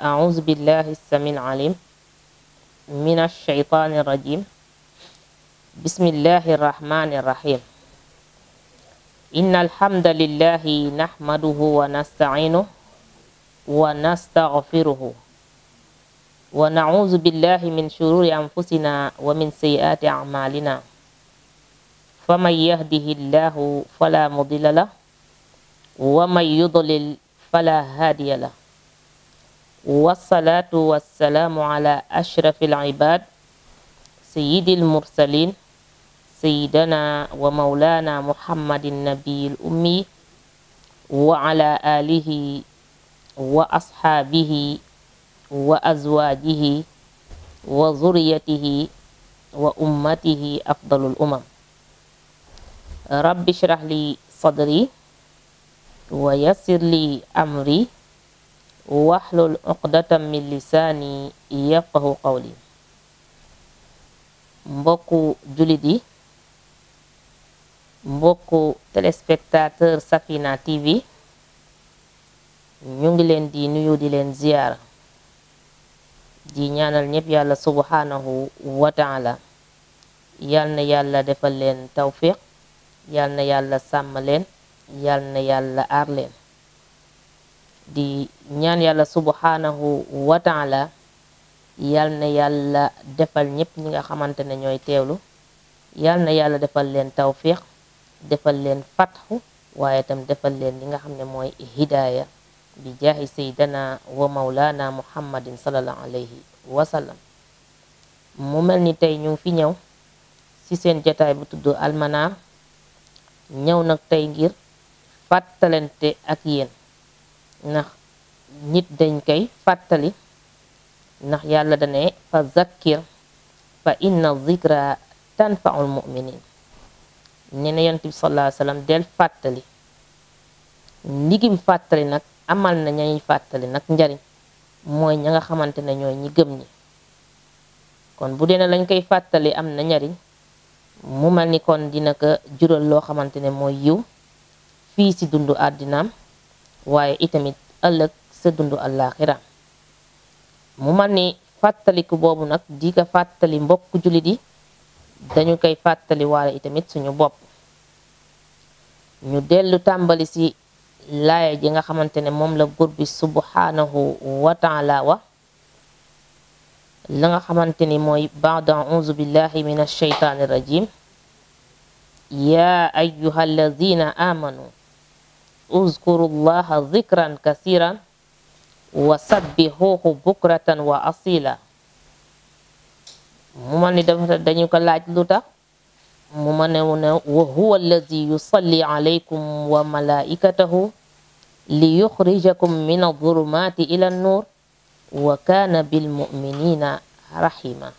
أعوذ بالله السميع العليم من الشيطان الرجيم بسم الله الرحمن الرحيم إن الحمد لله نحمده ونستعينه ونستغفره ونعوذ بالله من شرور أنفسنا ومن سيئات أعمالنا فمن يهده الله فلا مضل له ومن يضلل فلا هادي له والصلاة والسلام على أشرف العباد سيد المرسلين سيدنا ومولانا محمد النبي الأمي وعلى آله وأصحابه وأزواجه وذريته وأمته أفضل الأمم رب اشرح لي صدري ويسر لي أمري واحلل عقدة من لساني يفقه قولي مبوكو جوليدي مبوكو تلسبكتاتر سفينة تي في نيونغ لين دي نيو دي لين زيارة دي نيانال نيبيا سبحانه وتعالى يالنا يالا دفلين توفيق yal na yàlla sàmm leen na yàlla aar leen di ñaan yàlla subhanahu wa taala yal na yàlla defal ñépp ñi nga xamante ne ñooy teelu yal na yàlla defal leen tawfiq defal leen fatxu waaye tam defal leen li nga xam ne mooy hidaaya bi jaahi saydana wa maulana muhammadin salallahu alayhi wa sallam mu mel ni tey ñu ngi fi ñëw ci seen jataay bu tudd almanar ñëw nag tey ngir fàttalante ak yéen ndax nit dañ kay fàttali ndax yàlla dane fa zakkir fa inna zikra tanfaul muminin nee na yonent bi sallallahu del fàttali ndigim fàttali nag amal na ñañuy fàttali nag njariñ mooy ña nga xamante ne ñooy ñi gëm ñi kon bu dee na lañ koy fàttali am na njariñ mu mel ni kon dina ko jural loo xamante ne mooy yiw fii ci dundu àddinaam waaye itamit ëllëg sa dundu àllaaxira mu mel ni fàttaliku boobu nag di ko fàttali mbokk jullit yi dañu koy fàttali waale itamit suñu bopp ñu dellu tàmbali si laaya ji nga xamante ne moom la buur bi subhanahu wa wa li nga xamante ni mooy baada auzu billahi min alsheytaani irrajim yaa ayuha alladina amanu uzkuru llaha zikran kasiran wa sabbihuhu bukratan wa asila mu ma ni dafa dañu ko laaj lu tax mu ma ne ne wa huwa allazi yusalli alaykum wa malaikatahu li yuxrijakum min adulumati ila an nur wa kaana bil muminina rahima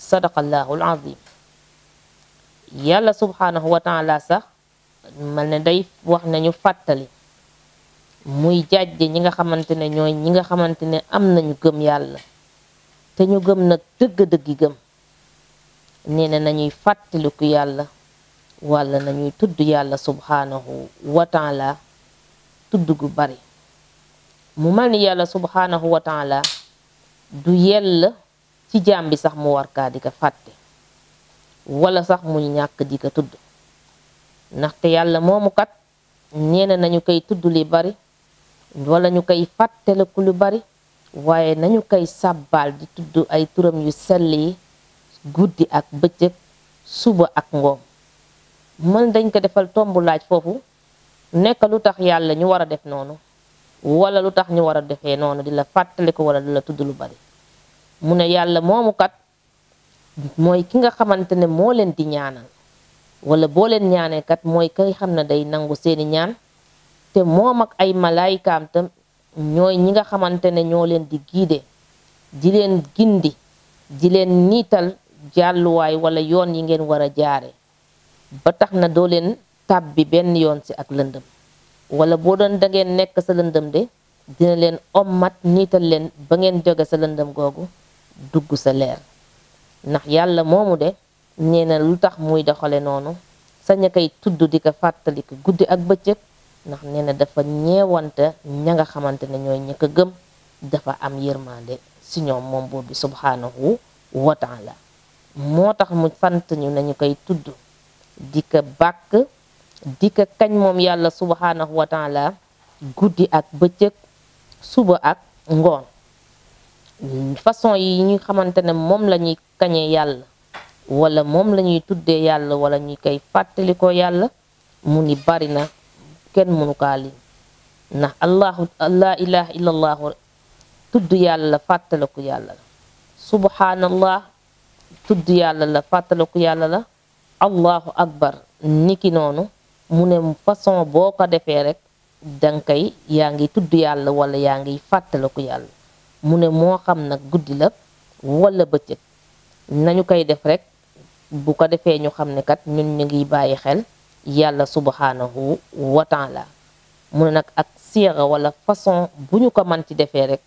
sadaqallahul azim yàlla subhanahu wa taala sax man ne day wax nañu fàttali muy jàjje ñi nga xamante ne ñooy ñi nga xamante ne am nañu gëm yàlla te ñu gëm nag dëgg-dëggi gëm nee na nañuy fàttaliku yàlla walla nañuy tudd yàlla subhanahu wa taala tudd gu bari mu mel ni yàlla subhanahu wa taala du yell ci jaam bi sax mu war di ko fàtte wala sax mu ñàkk di ko tudd ndaxte yàlla moomu kat ñeena nañu koy tudd li bari wala ñu koy fàttaliku lu bari waaye nañu koy sàbbaal di tudd ay turam yu sell guddi ak bëccëg suba ak ngoom mën dañ ko defal tomb laaj foofu nekk lu tax yàlla ñu war a def noonu wala lu tax ñu war a defee noonu di la fàttaliku wala di la tudd lu bari mu ne yàlla moomukat mooy ki nga xamante ne moo leen di ñaanal wala boo leen ñaaneekat mooy kay xam ne day nangu seeni ñaan te moom ak ay malaayikaam tam ñooy ñi nga xamante ne ñoo leen di giide di leen gindi di leen niital jàlluwaay wala yoon yi ngeen war a jaare ba tax na doo leen tàbbi benn yoon si ak lëndëm wala boo doon da ngeen nekk sa lëndëm de dina leen ommat niital leen ba ngeen jóge sa lëndëm googu dugg sa leer ndax yàlla moomu de nee lu tax muy doxale noonu sañ a koy tudd di ko fàttaliku guddi ak bëccëg ndax nee dafa ñeewante ña nga xamante ne ñooy ña gëm dafa am yërmande si ñoom moom boobu subhanahu wa la moo tax mu sant ñu nañu koy tudd di ko bàkk di kañ moom yàlla subhaanahu wa guddi ak bëccëg suba ak ngoon façon yi ñu xamante ne moom la ñuy kañee yàlla wala moom la ñuy tuddee yàlla wala ñu kay fàttali ko yàlla mu ni bari na kenn mënu kaa ndax allahu la ilaha illa tudd yàlla la fàttaliku yàlla la subhaanallah tudd yàlla la fàttaliku yàlla la allahu akbar niki noonu mu ne façon boo ko defee rek danga koy yaa ngi tudd yàlla wala yaa ngi fàttaliku yàlla mu ne moo xam nag guddi la walla bëccëg nañu koy def rek bu ko defee ñu xam ne kat ñun ñu ngi bàyyi xel yàlla subhanahu wa taala mu ne nag ak siira wala façon bu ñu ko man ci defee rek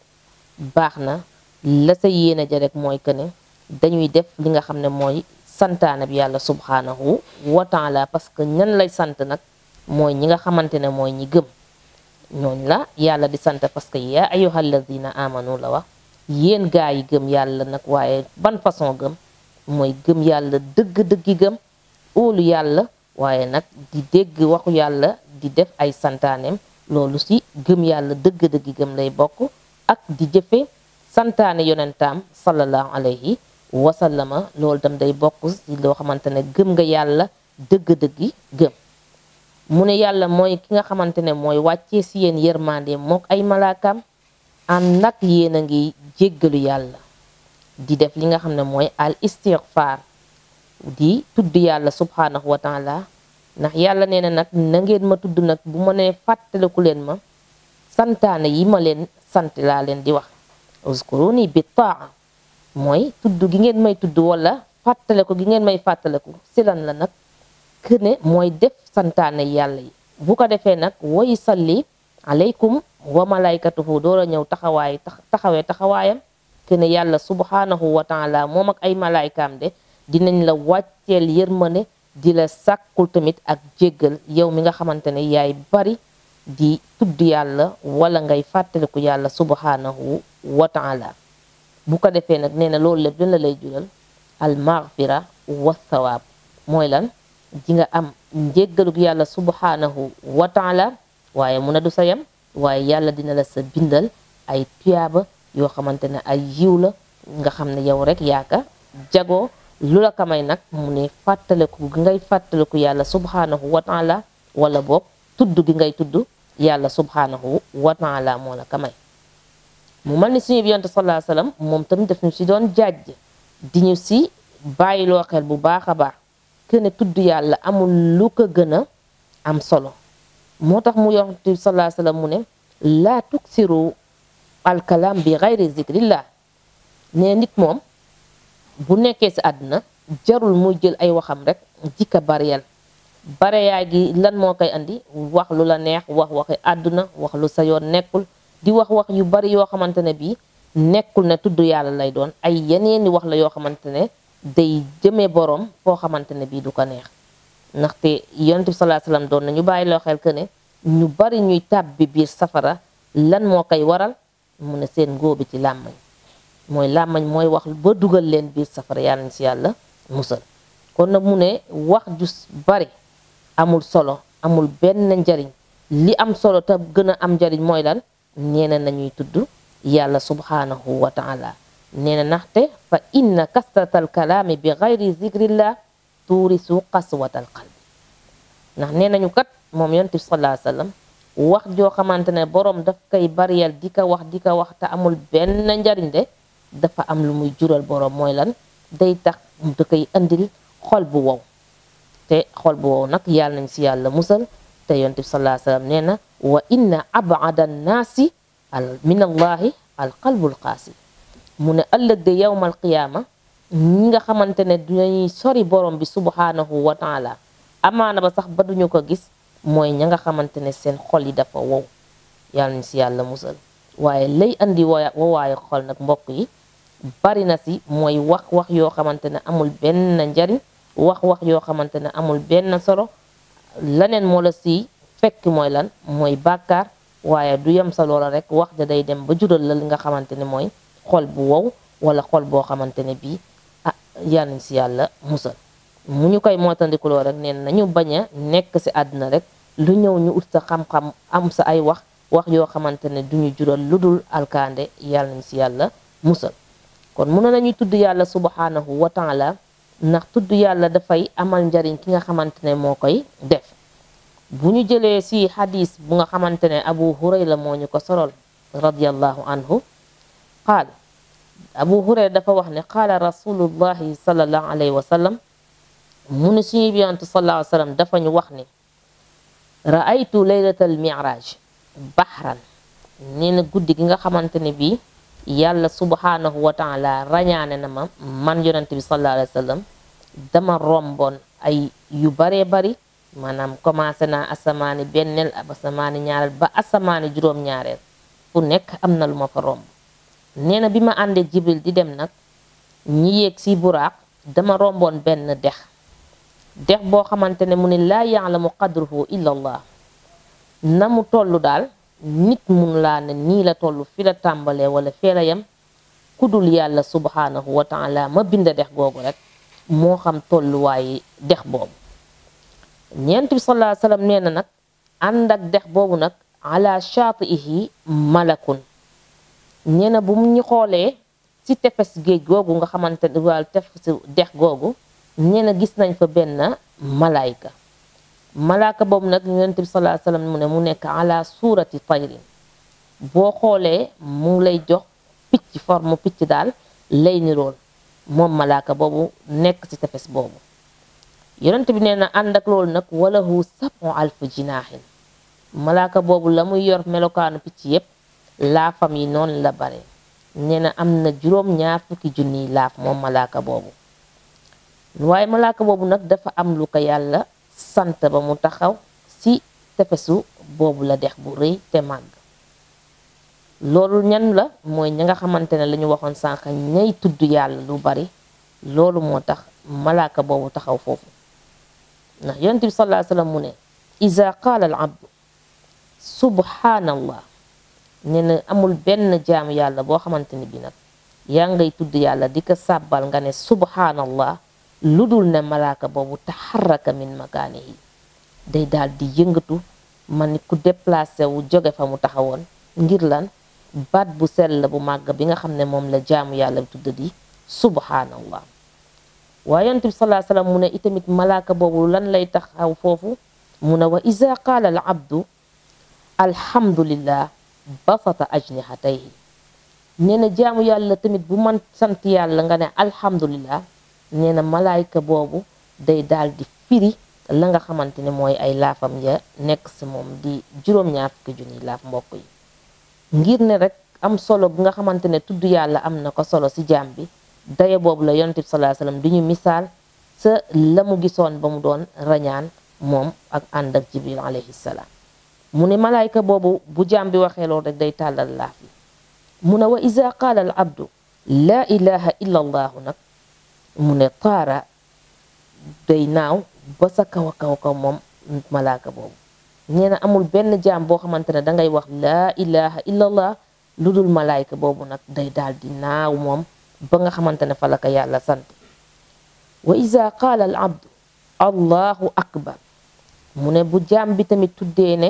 baax na la sa yéene ja rek mooy que ne dañuy def li nga xam ne mooy santaane bi yàlla subhaanahu wa taala parce que ñan lay sant nag mooy ñi nga xamante ne mooy ñi gëm ñooñ la yàlla di sant parce que yaa ayyuhal ladina amanu la wax yéen gaa yi gëm yàlla nag waaye ban façon gëm mooy gëm yàlla dëgg-dëggi gëm óolu yàlla waaye nag di dégg waxu yàlla di def ay santaaneem loolu ci gëm yàlla dëgg-dëggi gëm lay bokk ak di jëfe santaane yonentam sallallahu alayhi ma loolu dam day bokk ci loo xamante ne gëm nga yàlla dëgg-dëggi gëm mu ne yàlla mooy ki nga xamante ne mooy wàcce si yéen yërmande mook ay malaakam am nag yéen a ngi jéggalu yàlla di def li nga xam ne mooy al istighfar di tudd yàlla subhanahu wa ndax yàlla nee na nag nangeen ma tudd nag bu ma nee fàttaliku leen ma santaana yi ma leen sant laa leen di wax uzkuruni bi taa mooy tudd gi ngeen may tudd wala fàttaliku gi ngeen may fàttaliku si la nag këne mooy def santaane yàlla yi bu ko defee nag woy salli aleykum wa malaykatuhu door a ñëw taxawaay taxawee taxawaayam këne yàlla subhaanahu wa taala moom ak ay malaykaam de dinañ la wàcceel ne di la sàkkul tamit ak jéggal yow mi nga xamante ne yaay bari di tudd yàlla wala ngay fàttaliku yàlla subhaanahu wa taala bu ko defee nag nee na loolu lépp lan la lay jural al maghfira wa thawaab mooy lan ji nga am njéggalug yàlla subhanahu wa taala waaye mun a du sa yam waaye yàlla dina la sa bindal ay tuyaaba yoo xamante ne ay yiw la nga xam ne yow rek yaaka jago lu la kamay nag mu ne fàttaliku gi ngay fàttaliku yàlla subhanahu wa taala wala boog tudd gi ngay tudd yàlla subhanahu wa taala moo la kamay mu man ni suñu bi yonte sallallahu alayhi wasallam moom tamit daf ñu si doon jaaj di ñu si bàyyi xel bu baax a baax kene tudd yàlla amul lu ko gën a am solo moo tax mu yonte bi sallallahu alayhi mu ne laa tuksiru alkalaam bi gayri zikrillah ne nit moom bu nekkee si àdduna jarul muy jël ay waxam rek jikka bariyal bareyaa gi lan moo koy andi wax lu la neex wax waxi àdduna wax lu sa yoon nekkul di wax wax yu bari yoo xamante ne bii nekkul ne tudd yàlla lay doon ay yeneen i wax la yoo xamante ne day jëme boroom foo xamante ne bii du ko neex ndaxte yonent bi salaa doon na bàyyi loo xel que ne ñu bari ñuy tàbbi biir safara lan moo koy waral mu ne seen bi ci làmmañ mooy làmmañ mooy wax ba dugal leen biir safara yàlla na si yàlla musal kon nag mu ne wax ju bari amul solo amul benn njariñ li am solo te gën a am njariñ mooy lan nee nañuy tudd yàlla subhaanahu wa taala nee na naxte fa inna kasratal kalaami bi gayri zikrillah tuurisu qaswatal qalbi ndax nee nañu kat moom yonent bi sallallahu wax joo xamante ne boroom daf koy bariyal di ko wax di ko wax te amul benn njariñ de dafa am lu muy jural boroom mooy lan day tax da koy andil xol bu wow te xol bu wow nag yàlla nañ si yàlla musal te yonent bi sallallahu alayhi nee na wa inna abada annaasi min allahi al qalbul qaasi mu ne ëllëg de yowmal qiyaama ñi nga xamante ne dañuy sori borom bi subhaanahu wa taala amaana ba sax ba duñu ko gis mooy ña nga xamante ne seen xol yi dafa wow yàlla ñu si yàlla musal waaye lay andi wa xol nag mbokk yi bari na si mooy wax wax yoo xamante ne amul benn njariñ wax wax yoo xamante ne amul benn solo laneen moo la siy fekk mooy lan mooy bàkkaar waaye du yem sa loola rek wax ja day dem ba jural la li nga xamante ne mooy xol bu wow wala xol boo xamante ne bii ah yàlla si yàlla musal mu ñu koy mootandikuloo rek neen nañu bañ a nekk si àddina rek lu ñëw ñu ut sa xam-xam am sa ay wax wax yoo xamante ne duñu jural lu dul alkaande yàlla nañ si yàlla musal kon mun tudd yàlla subhanahu wa taala ndax tuddu yàlla da fay amal njariñ ki nga xamantene mo koy def buñu jëlé ci hadith bu nga xamantene abu hurayra moo ñu ko sorol radiyallahu anhu qala abu hurayra dafa wax ne qala rasulullahi sallallahu alayhi wa sallam mu bi ant sallallahu alayhi wa sallam dafa ñu wax ne ra'aytu laylatal mi'raj bahran neena guddi gi nga xamantene bi yàlla subhanahu wa taala rañaane na ma man yonent bi sallallahu alayhi dama romboon ay yu baree bari maanaam commencé naa asamaani benneel ab asamaani ñaareel ba asamaani juróom-ñaareel fu nekk am na lu ma fa romb nee na bi ma àndee jibril di dem nag ñi yéeg si buraaq dama romboon benn dex dex boo xamante ne mu ne laa yaalamu qadruhu illa allah na mu toll daal nit mun laa ne nii la toll fi la tàmbalee wala fee la yem ku dul yàlla subhaanahu wa taala ma bind dex googu rek moo xam tolluwaayi dex boobu ñeent bi sallallahu alayhi nag ànd ak dex boobu nag ala shaatihi malakun nee na bu mu ñu xoolee ci tefes géej googu nga xamante ne wal tefes dex googu nee gis nañ fa benn malaayka malaaka boobu nag yonent bi salaa salaam mu ne mu nekk ala suurati tayrin boo xoolee mu lay jox picc forme picc daal lay nirool moom malaaka boobu nekk ci tefes boobu yonent bi nee na ànd ak loolu nag walahu sabu alfu jinaaxin malaaka boobu la muy yor melokaanu picc yépp laafam yi noonu la bare nee na am na juróom ñaar fukki junniy laaf moom malaaka boobu waaye malaaka boobu nag dafa am lu ko yàlla sant ba mu taxaw ci tefesu boobu la dex bu rëy te màgg loolu ñan la mooy ñi nga xamante ne la waxoon sànq ñay tudd yàlla lu bari loolu moo tax malaaka boobu taxaw foofu ndax yonent bi sallallahu alayhi wasallam mu ne iza qaala al abdu subhaanallah ne na amul benn jaamu yàlla boo xamante ne bi nag yaa ngay tudd yàlla di ko sàbbal nga ne subhaanallah lu dul ne malaaka boobu taxaraka min makaanihi day daal di yëngatu man ni ku déplacé wu jóge fa mu taxawoon ngir lan baat bu sell bu màgg bi nga xam ne moom la jaamu yàlla bi tudda di subhaanallah waaye yonent bi salaam mu ne itamit malaaka boobu lan lay taxaw foofu mu ne wa iza qaala al abdu alhamdulillah basata ajnihatayhi nee na jaamu yàlla tamit bu man sant yàlla nga ne alhamdulillah nee na malaayka boobu day daal di firi la nga xamante ne mooy ay laafam ya nekk si moom di juróom-ñaar fukki junniy laaf mbokk yi ngir ne rek am solo bu nga xamante ne tudd yàlla am na ko solo si jaam bi daye boobu la yonent bi sallallahu alayhi ñu misaal sa la mu gisoon ba mu doon rañaan moom ak ànd ak jibril alayhi salaam mu ne malaayka boobu bu jaam bi waxee loolu rek day tàllal laaf yi mu ne wa iza qaala al abdu laa ilaha illa allahu nag mune qara day naw ba sa kaw kaw kaw mom malaka bob neena amul ben jam bo xamantene da ngay wax la ilaha illa allah ludul malaika bobu nak day dal di naw mom ba nga xamantene fa la ka yàlla sante wa iza qala al abd allahu akbar muné bu jam bi tamit tuddee ne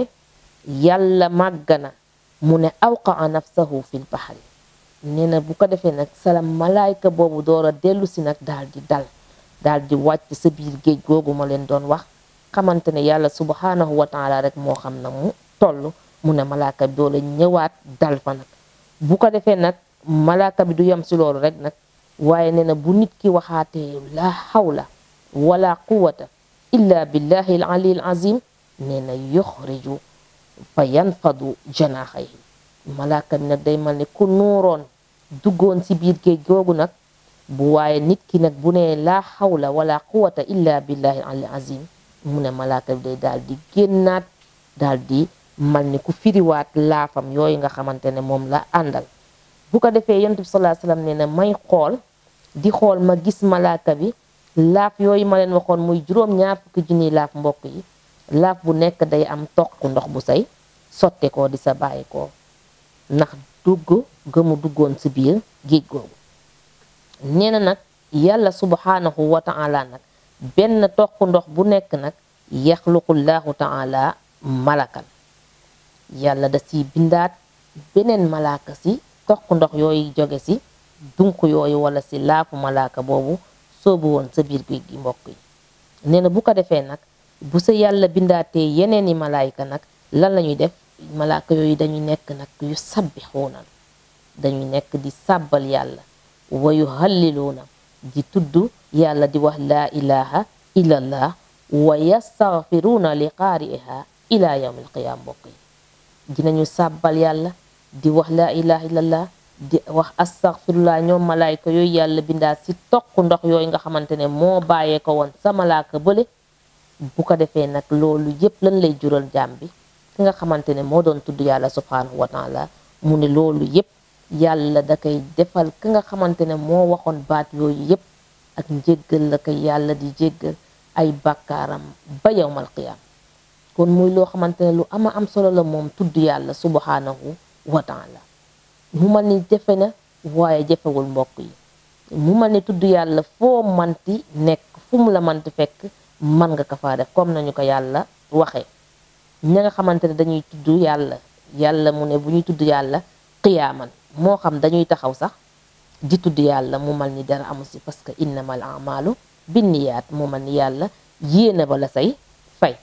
yàlla magana muné awqa nafsuhu fil bahri nee na bu ko defee nag salam malaayka boobu door a dellu nag daal di dal daal di wàcc sa biir géej googu ma leen doon wax xamante ne yàlla subhaanahu wa taala rek moo xam na mu toll mu ne malaaka bi doo la ñëwaat dal fa nag bu ko defee nag malaaka bi du yem si loolu rek nag waaye nee na bu nit ki waxaatee la hawla wala quwata illa billahi al ali al azim nee na yuxriju fa yanfadu janaaxayhi malaaka mi nag day mal ni ku nuuroon duggoon ci biir géej googu nag bu waaye nit ki nag bu ne laa xawla wala quwata illa billahi al azim mu ne malaaka bi day daal di génnaat daal di mal ni ku firiwaat laafam yooyu nga xamante ne moom la àndal bu ko defee yonent bi sallallahu ne ne may xool di xool ma gis malaaka bi laaf yooyu ma leen waxoon muy juróom ñaar fukki junniy mbokk yi laaf bu nekk day am toq ndox bu say sotte ko di sa bàyyi ko ndax dugg gëmu duggoon ci biir géej googu nee nag yàlla subhaanahu wa taala nag benn toq ndox bu nekk nag yaxluqullahu taala malakan yàlla da ci bindaat beneen malaaka ci toq ndox yooyu joge ci dunk yooyu wala ci laafu malaaka boobu soobu woon sa biir géej gi mbokk yi nee bu ko defee nag bu sa yàlla bindaatee yeneeni malaayka nag lan lañuy ñuy def malaaka yooyu dañuy nekk nag yu sabbixuuna dañuy nekk di sàbbal yàlla wa yu halliluuna di tudd yàlla di wax laa ilaha illallah wa yastaghfiruuna li qaari'iha ila mbokk yi dinañu sàbbal yàlla di wax laa ilaha illallah di wax astaghfirullah ñoom malaayka yooyu yàlla bindaa si toq ndox yooyu nga xamante ne moo bàyyee ko woon sa malaaka bële bu ko defee nag loolu yépp lan lay jural jaam bi ki nga xamante ne moo doon tudd yàlla subhanahu wa taala mu ne loolu yépp yàlla da koy defal ki nga xamante ne moo waxoon baat yooyu yépp ak njéggal la yàlla di jéggal ay bàkkaaram ba yawmal qiyaam kon muy loo xamante ne lu ama am solo la moom tudd yàlla subhanahu wa taala mu mel ni jafe na waaye jafewul mbokk yi mu mel ni tudd yàlla foo manti nekk fu mu la manti fekk man nga ko fa def comme nañu ko yàlla waxee ña nga xamante ne dañuy tudd yàlla yàlla mu ne bu ñuy tudd yàlla qiyaaman moo xam dañuy taxaw sax di tudd yàlla mu mal ni dara amu si parce que innamal amalu binniyaat mu mal ni yàlla yéene ba la say fay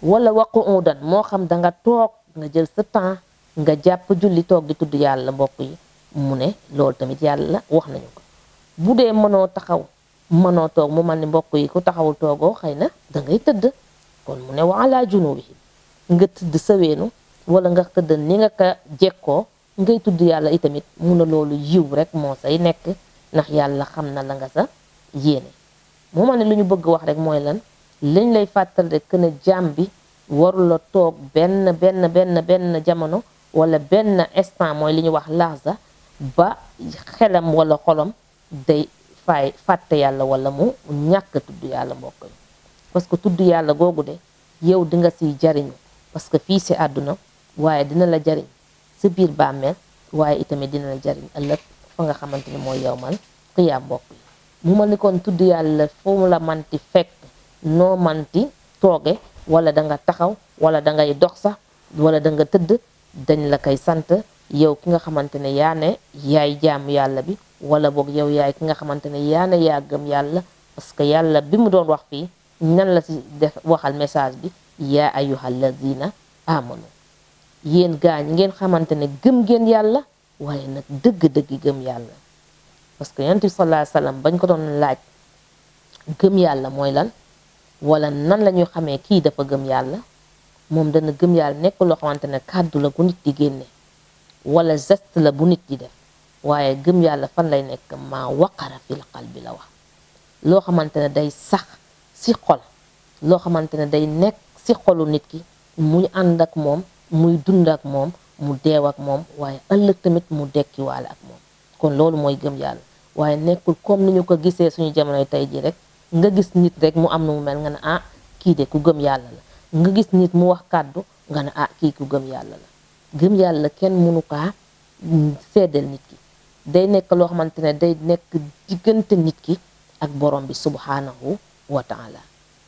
wala waqu udan moo xam danga toog nga jël sa temps nga jàpp julli toog di tudd yàlla mbokk yi mu ne loolu tamit yàlla wax nañu ko bu dee mënoo taxaw mënoo toog mu mal ni mbokk yi ku taxawul toogoo xëy na da tëdd kon mu ne wa ala junubihim nga tudd sa weenu wala nga tëdd ni nga ko jekkoo ngay tudd yàlla itamit mun a loolu yiw rek moo say nekk ndax yàlla xam na la nga sa yéene moo ma ne lu ñu bëgg wax rek mooy lan lañ lay fàttal rek que ne jaam bi waru toog benn benn benn benn jamono wala benn instant mooy li ñuy wax laasa ba xelam wala xolam day fay fàtte yàlla wala mu ñàkk tudd yàlla mbokk yi parce tudd yàlla googu de yow di nga jariñu parce que fii si àdduna waaye dina la jariñ si biir bàmmeel waaye itamit dina la jariñ ëllëg fa nga xamante ni mooy yowmal xiyaam mbokk yi mu ma ni kon tudd yàlla foo mu la manti fekk noo man ti tooge wala da nga taxaw wala da ngay dox sax wala da nga tëdd dañ la koy sant yow ki nga xamante ne yaa ne yaay jaamu yàlla bi wala boog yow yaay ki nga xamante ne yaa ne yaa gëm yàlla parce que yàlla bi mu doon wax fii nan la si waxal message bi yaa ayyuhallazina amanu yéen gañ ngeen xamantene gëm ngeen yalla waye nak deug deug gëm yalla parce que yonent sallallahu alayhi wasallam bañ ko don laaj gëm yalla moy lan wala nan lañuy xamé ki dafa gëm yalla mom dana gëm yalla nek lo xamantene kaddu la bu nit di génné wala geste la bu nit di def waye gëm yalla fan lay nek ma waqara fil qalbi la wax lo xamantene day sax si xol lo xamantene day nek si xolu nit ki muy ànd ak muy dund ak mu deew ak mom waye ëlëk tamit mu wala ak mom kon loolu moy gëm yalla waye nekkul comme niñu ko gisé suñu jamonoy tay ji rek nga gis nit rek mu am nu mel nga ne ah ki de ku gëm yalla la nga gis nit mu wax kaddu nga ne ah ki ku gëm yalla la gëm yalla kenn mënu ka ah, sédel nit ki day nekk lo xamantene day nekk digënté nit ki ak borom bi subhanahu wa taala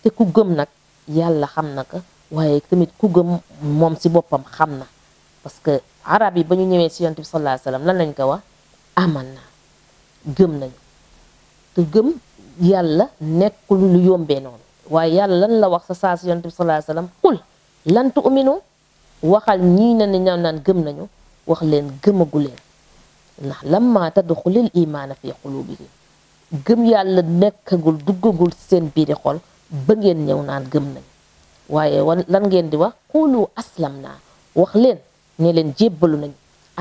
te ku gëm nak yàlla xam na ko waaye tamit ku gëm moom si boppam xam na parce que arab yi ba ñu ñëwee si yonent bi sallallahu alayhi wa lan lañ ko wax aman na gëm nañu te gëm yàlla nekkul lu yombee noonu waaye yàlla lan la wax sa saa si yonent bi sallallahu alayhi wa sallam qul lan tu'minu waxal ñii na ne ñaaw naan gëm nañu wax leen gëmagu leen ndax lam maa tadd xulil imaana fi qulubihim gëm yàlla nekkagul duggagul seen biiri xol ba ngeen ñëw naan gëm nañ waaye lan ngeen di wax xuulu aslam naa wax leen ne leen jébbalu nañ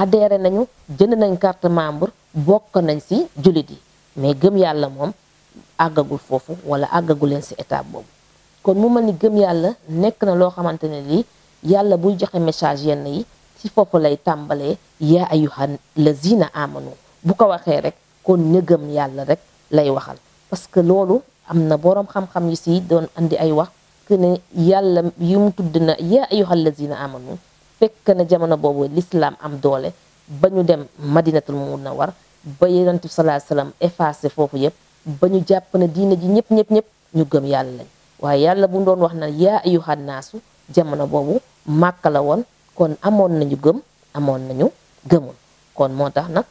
adhéré nañu jënd nañ carte membre bokk nañ si jullit yi mais gëm yàlla moom àggagul foofu wala àggagu leen si étape boobu kon mu mel ni gëm yàlla nekk na loo xamante ne lii yàlla buy joxe message yenn yi ci foofu lay tàmbalee yaa ayuha lazina amanu bu ko waxee rek kon ña gëm yàlla rek lay waxal parce loolu am na boroom xam-xam yu si doon indi ay wax que ne yàlla yu mu tudd na yaa ayyuhal lazina amanu fekk na jamono boobu lislaam am doole ba ñu dem madinatul munawwar ba yonent bi salaa salaam effacé foofu yëpp ba ñu jàpp ne diine ji ñëpp ñëpp ñëpp ñu gëm yàlla lañ waaye yàlla bu doon wax na yaa ayyuhan naasu jamono boobu màkka la woon kon amoon nañu gëm amoon nañu gëmul kon moo tax nag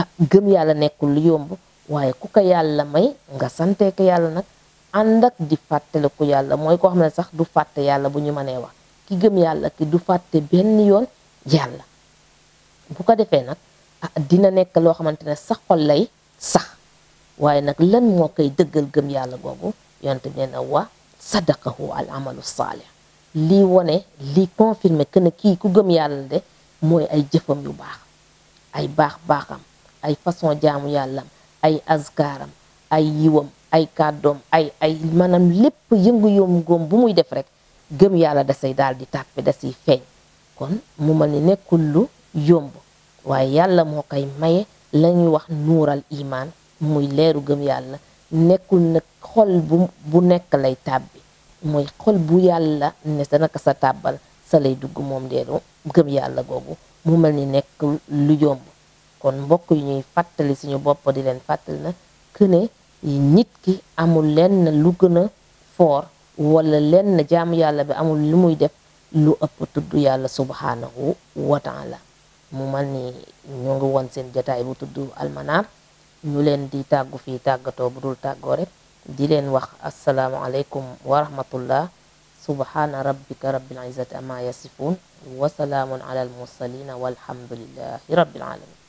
ah, gëm yàlla nekkul lu yomb waaye ku ko yàlla may nga sante ko yàlla nag ànd ak di fàttaliku yàlla mooy koo xam ne sax du fàtte yàlla bu ñu mënee wax ki gëm yàlla ki du fàtte benn yoon yàlla bu ko defee nag ah dina nekk loo xamante ne sa xol lay sax waaye nag lan moo koy dëggal gëm yàlla googu yonte nee na wa sadaqahu al amalu saalih lii wone lii confirmer que ne kii ku gëm yàlla de mooy ay jëfam yu baax ay baax baaxam ay façon jaamu yàllam ay askaaram ay yiwam ay kàddoom ay ay manam lépp yëngu yom góom bu muy def rek gëm yàlla dasay daal di tàppe da siy feeñ kon mu mel ni nekkul lu yomb waaye yàlla moo koy maye la ñuy wax nuural imaan muy leeru gëm yàlla nekkul nag xol bu nekk lay tàbbi mooy xol bu yàlla ne sa naka sa tàbbal sa lay dugg moom leeru gëm yàlla googu mu mel ni nekkul lu yomb kon mbokk yu ñuy fàttali suñu bopp di leen fàttali na que ne nit ki amul lenn lu gën a foor wala lenn jaamu yàlla bi amul lu muy def lu ëpp tudd yàlla subhanahu wa taala mu mel ni ñoo ngi woon seen jataay bu tudd almanar ñu leen di tàggu fii tàggatoo bu dul tàggoo rek di leen wax asalaamualeykum wa rahmatullah subhana rabbika rabbil izzati amma yasifun wa salaamun ala al mursalina walhamdulillahi rabbil alamin